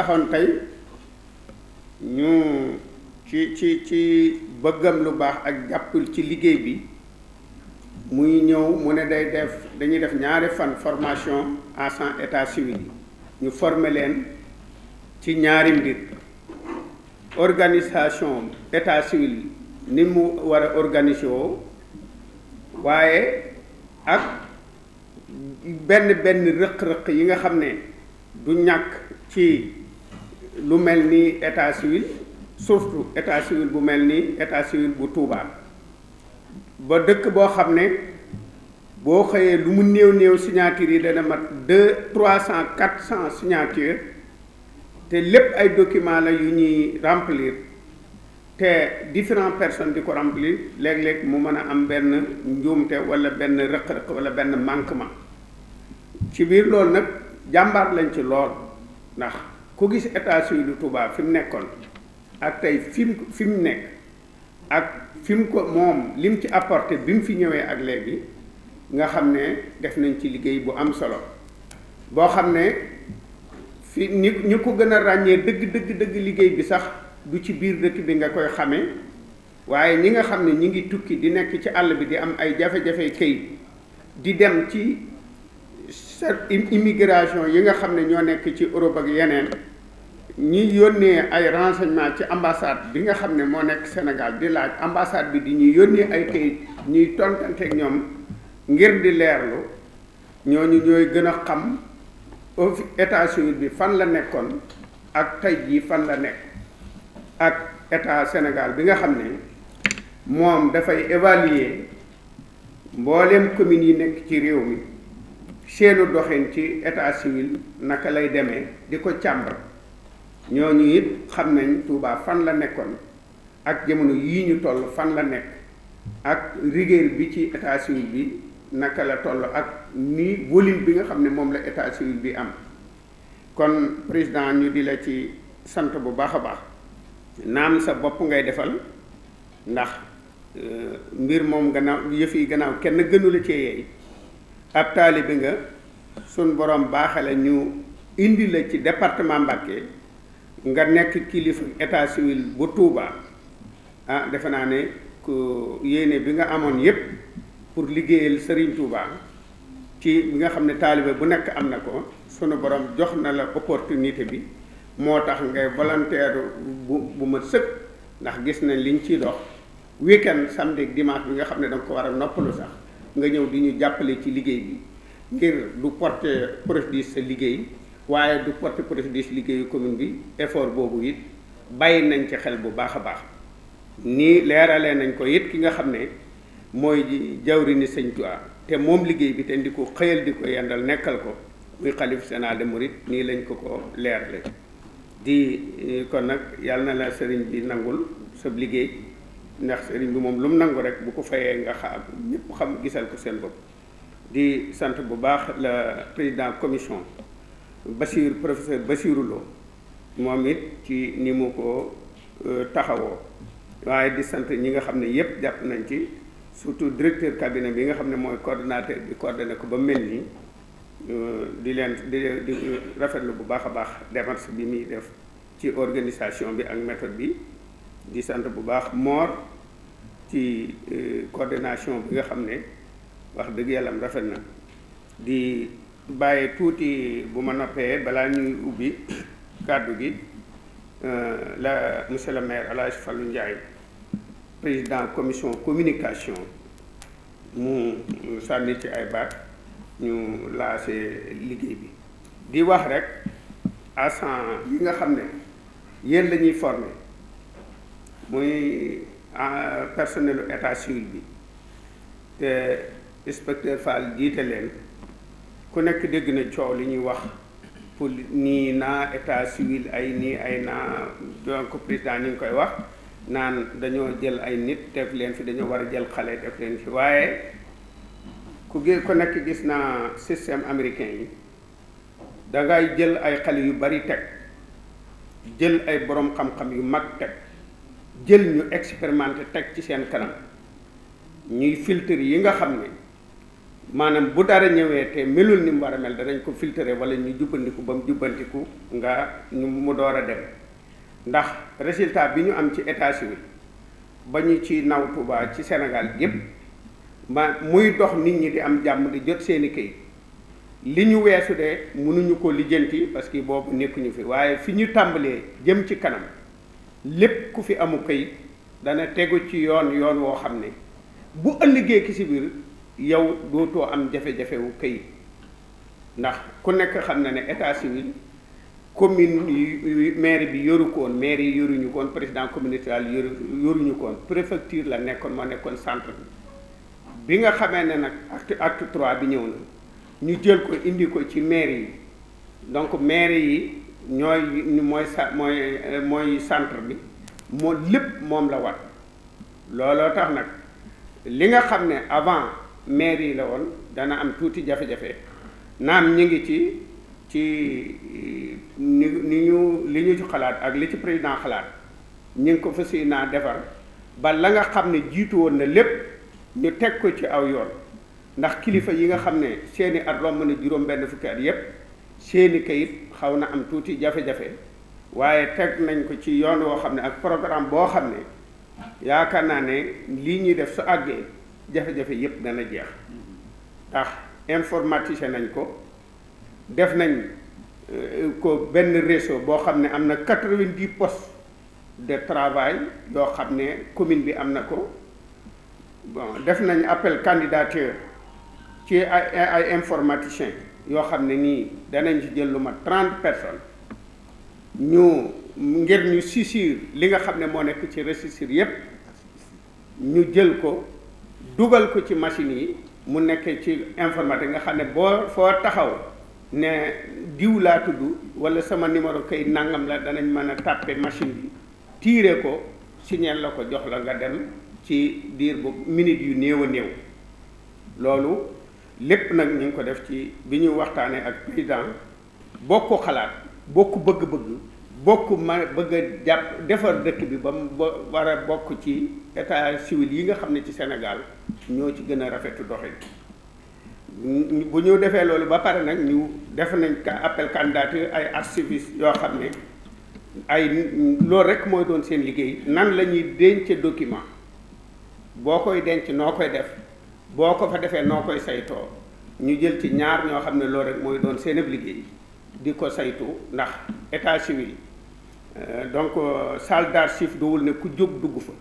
taxoon tey ñu ci ci ci bëggam lu baax ak jàppul ci liggéey bi muy ñëw mu ne day def dañuy def ñaari fan formation agent état civil ñu former leen ci ñaari mbir organisation état civil ni mu war a woo waaye ak benn benn rëq-rëq yi nga xam ne du ñàkk ci lu mel ni état civil surtout état civil bu mel ni état civil bu Touba ba dëkk boo xam ne boo xëyee lu mu néew néew signature yi dana mat trois cent quatre cent signature te lépp ay document la yu ñuy remplir te différentes personnes di ko remplir léeg-léeg mu mën a am benn njuumte walla benn rëq-rëq wala benn manquement ci biir loolu nag jàmbaar lañ ci lool ndax ku gis état civil Touba fi mu nekkoon ak tey fim mu fi nekk ak fim ko moom lim ci apporté bi mu fi ñëwee ak léegi nga xam ne def nañ ci liggéey bu am solo boo xam ne fi ñi ñu ko gën a ràññee dëgg dëgg dëgg liggéey bi sax du ci biir dëkk bi nga koy xamee waaye ñi nga xam ne ñi ngi tukki di nekk ci àll bi di am ay jafe-jafe këyit di dem ci immigration yi nga xam ne ñoo nekk ci Europe ak yeneen ñi yónnee ay renseignement ci ambassade bi nga xam ne moo nekk Sénégal bi laaj ambassade bi di ñuy yónnee ay kayit ñuy tontanteeg ñoom ngir di leerlu ñooñu ñooy gën a xam ofi état civil bi fan la nekkoon ak tey jii fan la nekk ak état Sénégal bi nga xam ne moom dafay évaluer mbooleem communes yi nekk ci réew mi seenu doxin ci état civil naka lay demee di ko càmbar ñooñu it xam nañ Touba fan la nekkoon ak jamono yii ñu toll fan la nekk ak rigueur bi ci état civil bi naka la toll ak ni volume bi nga xam ne moom la état civil bi am kon président ñu di la ci sant bu baax a baax naam sa bopp ngay defal ndax euh, mbir moom gannaaw yëf yi gannaaw kenn gënu la cee yeey ab taalibe nga sun borom baaxale ñu indi la ci département Mbacké nga nekk kilifa état civil bu Touba ah defe naa ne ku yéene bi nga amoon yépp pour liggéeyal Serigne Touba ci bi nga xam ne taalibe bu nekk am na ko sunu borom jox na la opportunité bi moo tax ngay volontaire bu bu ma sëkk ndax gis nañ liñ ciy dox week-end samedi dimanche bi nga xam ne danga ko war a noppalu sax nga ñëw di ñu jàppale ci liggéey bi ngir du porter préjudice sa liggéey. waaye du porte préjudice liggéeyu commune bi effort boobu it bàyyi nañ ci xel bu baax a baax nii leerale nañ ko it ki nga xam ne mooy jawri ni sëñ te moom liggéey bi te di ko xëyal di ko yendal nekkal ko muy xalif général des mourides nii lañ ko ko leerale di eh, kon nag yàlla na la sëriñ bi nangul sab liggéey ndax sëriñ bi moom lu mu nangu rek bu ko fayee nga xam ñëpp xam gisal ko seen bopp di sant bu baax la président commission Bachir professeur Bachirou moom it ci ni mu ko euh, taxawoo waaye di sant ñi nga xam ne yëpp jàpp nañ ci surtout directeur cabinet bi nga xam ne mooy coordonnateur bi coordonné ko ba mel nii euh, di leen di di bu baax a baax démarche bi muy def ci organisation bi ak méthode bi di sant bu baax moor ci euh, coordination bi nga xam ne wax dëgg yàlla rafet na di. bàyyi tuuti bu ma noppee balaa ñuy ubbi kàddu gi euh, la monsieur le maire El Hadj Fallou Ndiaye président commission communication mu sànni ci ay baat ñu laase liggéey bi di wax rek agent yi nga xam ne yéen la ñuy muy euh, personnelu état civil bi te inspecteur Fall jiite leen ku nekk dégg na coow li ñuy wax pour nii naa état civil ay nii ay naa donc président ñu ngi koy wax naan dañoo jël ay nit def leen fi dañoo war a jël xale def leen fi waaye ku gé ku nekk gis naa système américain yi dangay jël ay xale yu bari teg jël ay boroom xam-xam yu mag teg jël ñu expérimenté teg ci seen kanam ñuy filtre yi nga xam ne maanaam bu dara ñëwee te melul ni mu war a mel danañ ko filtrer wala ñu jubbandiku ba mu jubbantiku nga ñu mu door a dem ndax résultat bi ñu am ci état civil ba ñu ci naw Touba ci Sénégal yépp ma muy dox nit ñi di am jàmm di jot seeni kayit li ñu weesu de mënuñu ko lijjanti parce que boobu nekkuñu fi waaye fi ñu tàmbalee jëm ci kanam lépp ku fi amu kayit dana tegu ci yoon yoon woo xam ne bu ëllëgee ki si yow dootoo am jafe-jafe wu ndax ku nekk xam na ne état civil commune yi maire bi yoru koon maire yi yoruñu koon président communautaire yoru yoruñu koon préfecture la nekkoon moo nekkoon centre bi bi nga xamee ne nag acte at trois bi ñëw na ñu jël ko indi ko ci maire yi donc maire yi ñooy mooy sa mooy mooy centre bi moo lépp moom la war looloo tax nag li nga xam ne avant maire yi la woon dana am tuuti jafe-jafe naam ñi ngi ci ci ni ni ñu li ñu ci xalaat ak li ci président xalaat ñi ngi ko fas naa defar ba la nga xam ne jiitu woon na lépp ñu teg ko ci aw yoon ndax kilifa yi nga xam ne seeni at romb na juróom benn fukki at yépp seeni kayit xaw na am tuuti jafe-jafe waaye teg nañ ko ci yoon woo xam ne ak programme boo xam ne yaakaar naa ne li ñuy def su àggee jafe-jafe yépp dana jeex ndax informatisé nañ ko def nañ euh, ko benn réseau boo xam ne am na quatre vingt di postes de travail yoo xam ne commune bi am na ko bon def nañ appel candidature ci ay ay informaticiens yoo xam ne nii danañ ci jël lu ma trente personnes ñu ngir ñu saisir li nga xam ne moo nekk ci registre yépp ñu jël ko dugal ko ci machine yi mu nekkee ci informatique nga xam ne boo foo taxaw ne diw laa tudd wala sama numéro kay nàngam la danañ mën a tàppe machine bi tiire ko signal la ko jox la nga dem ci diir bu minute yu néew a néew loolu lépp nag ñu ngi ko def ci bi ñuy waxtaanee ak président bokk xalaat bokk bëgg-bëgg bokk ma bëgg a jàpp defar dëkk bi ba mu war a bokk ci état civil yi nga xam ne ci Sénégal ñoo ci gën a rafetu doxin bu ñu defee loolu ba pare nag ñu def nañ ka appel candidature ay archivistes yoo xam ne ay loolu rek mooy doon seen liggéey nan la ñuy denc document boo koy denc noo koy def boo ko fa defee noo koy saytoo ñu jël ci ñaar ñoo xam ne loolu mooy doon seen liggéey di ko saytoo ndax état civil Euh, donc euh, salle d'archive ne ku jóg dugg fa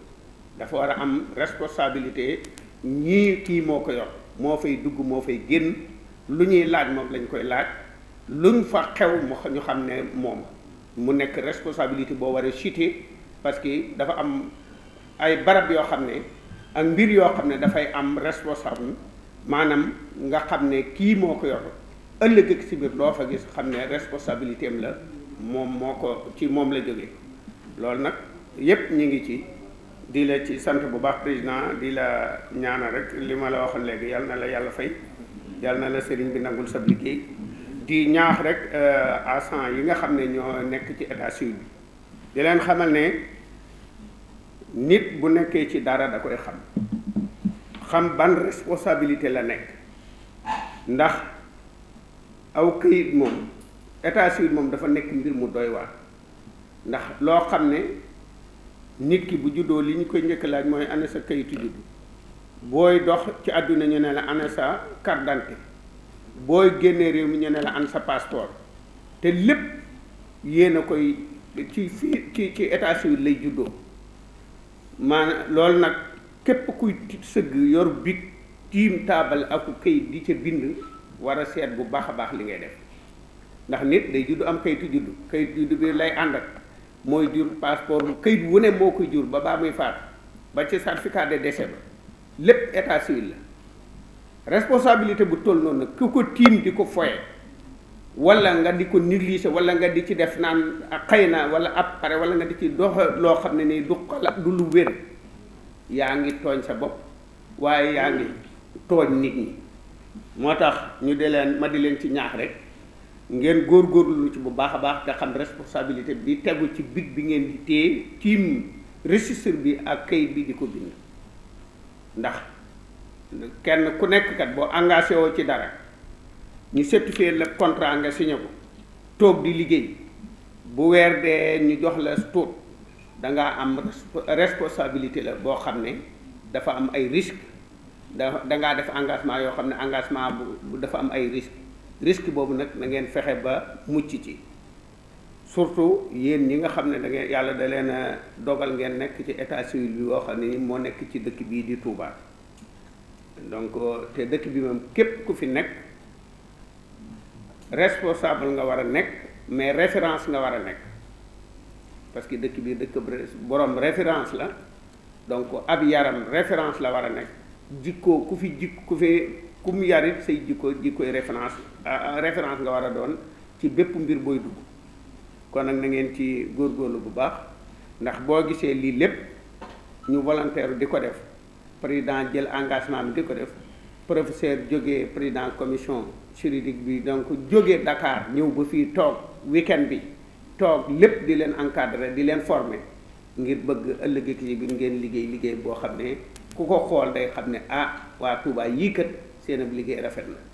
dafa war a am responsabilité ñii kii moo ko yor moo fay dugg moo fay génn lu ñuy laaj moom lañ koy laaj luñ fa xew ñu xam ne moom mu nekk responsabilité boo war a chuté parce que dafa am ay barab yoo xam ne ak mbir yoo xam ne dafay am responsable maanaam nga xam ne kii moo ko yor ëllëg ak si biir loo fa gis xam ne responsabilité am la moom moo ko ci moom la jóge loolu nag yépp ñu ngi ci di la ci sant bu baax président di la ñaana rek li ma la waxoon léegi yal na la yàlla fay yal na la sëriñ bi nagul sab liggéey di ñaax rek agent euh, yi nga xam ne ñoo nekk ci état civil bi di leen xamal ne nit bu nekkee ci dara da koy xam xam ban responsabilité la nekk ndax aw këyit moom état moom dafa nekk mbir mu doy waar ndax loo xam ne nit ki bu juddoo li ñu koy njëkk laaj mooy ana sa kayitu juddu booy dox ci àdduna ñu ne la ana sa carte booy génnee réew mi ñu ne la an sa passeport te lépp yéen a koy ci fii ci ci état civil lay juddoo maanaam loolu nag képp kuy sëgg yor big tiim taabal ak kayit di ca bind war a seet bu baax a baax li ngay def ndax nit day du am kayitu judd kayitu judd bi lay ànd ak mooy jur passeport kayit wu ne moo koy jur ba baa muy faatu ba ci certificat de décès ba lépp état civil la responsabilité bu toll noonu nag ku ko tiim di ko foye wala nga di ko négliger wala nga di ci def naan xëy na wala ab pare wala nga di ci dox loo xam ne nii du xalaat du lu wér yaa ngi tooñ sa bopp waaye yaa ngi tooñ nit ñi moo tax ñu di leen ma di leen ci ñaax rek ngeen góorgóorlu ci bu baax a baax te xam responsabilité bi tegul ci bit bi ngeen di téye tiim registre bi ak kayit bi di ko bind ndax kenn ku nekk kat boo engagé woo ci dara ñu certifié la contrat nga signé ko toog di liggéey bu weer de ñu jox la tuut da nga am responsabilité la boo xam ne dafa am ay risque da dangaa def engagement yoo xam ne engagement bu dafa am ay risque risque boobu nag na ngeen fexe ba mucc ci surtout yéen ñi nga xam ne da ngeen yàlla da leen a dogal ngeen nekk ci état civil bi boo xam ne moo nekk ci dëkk bii di Touba donc te dëkk bi moom képp ku fi nekk responsable nga war a nekk mais référence nga war a nekk parce que dëkk bii dëkk borom référence la donc ab yaram référence la war a nekk jikkoo ku fi jikk ku fi ku mu yar it say jikko jikkoy référence ah, ah, référence nga war a doon ci bépp mbir booy dugg kon nag na ngeen ci góorgóorlu bu baax ndax boo gisee lii lépp ñu volontaire di ko def président jël engagement bi di ko def professeur jógee président commission juridique bi donc jóge dakaar ñëw ba fii toog week-end bi toog lépp di leen encadrer di leen former ngir bëgg ëllëg ci bi ngeen liggéey liggéey boo xam ne ku ko xool day xam ne ah waa Touba yii kat. seen ab liggéey rafet na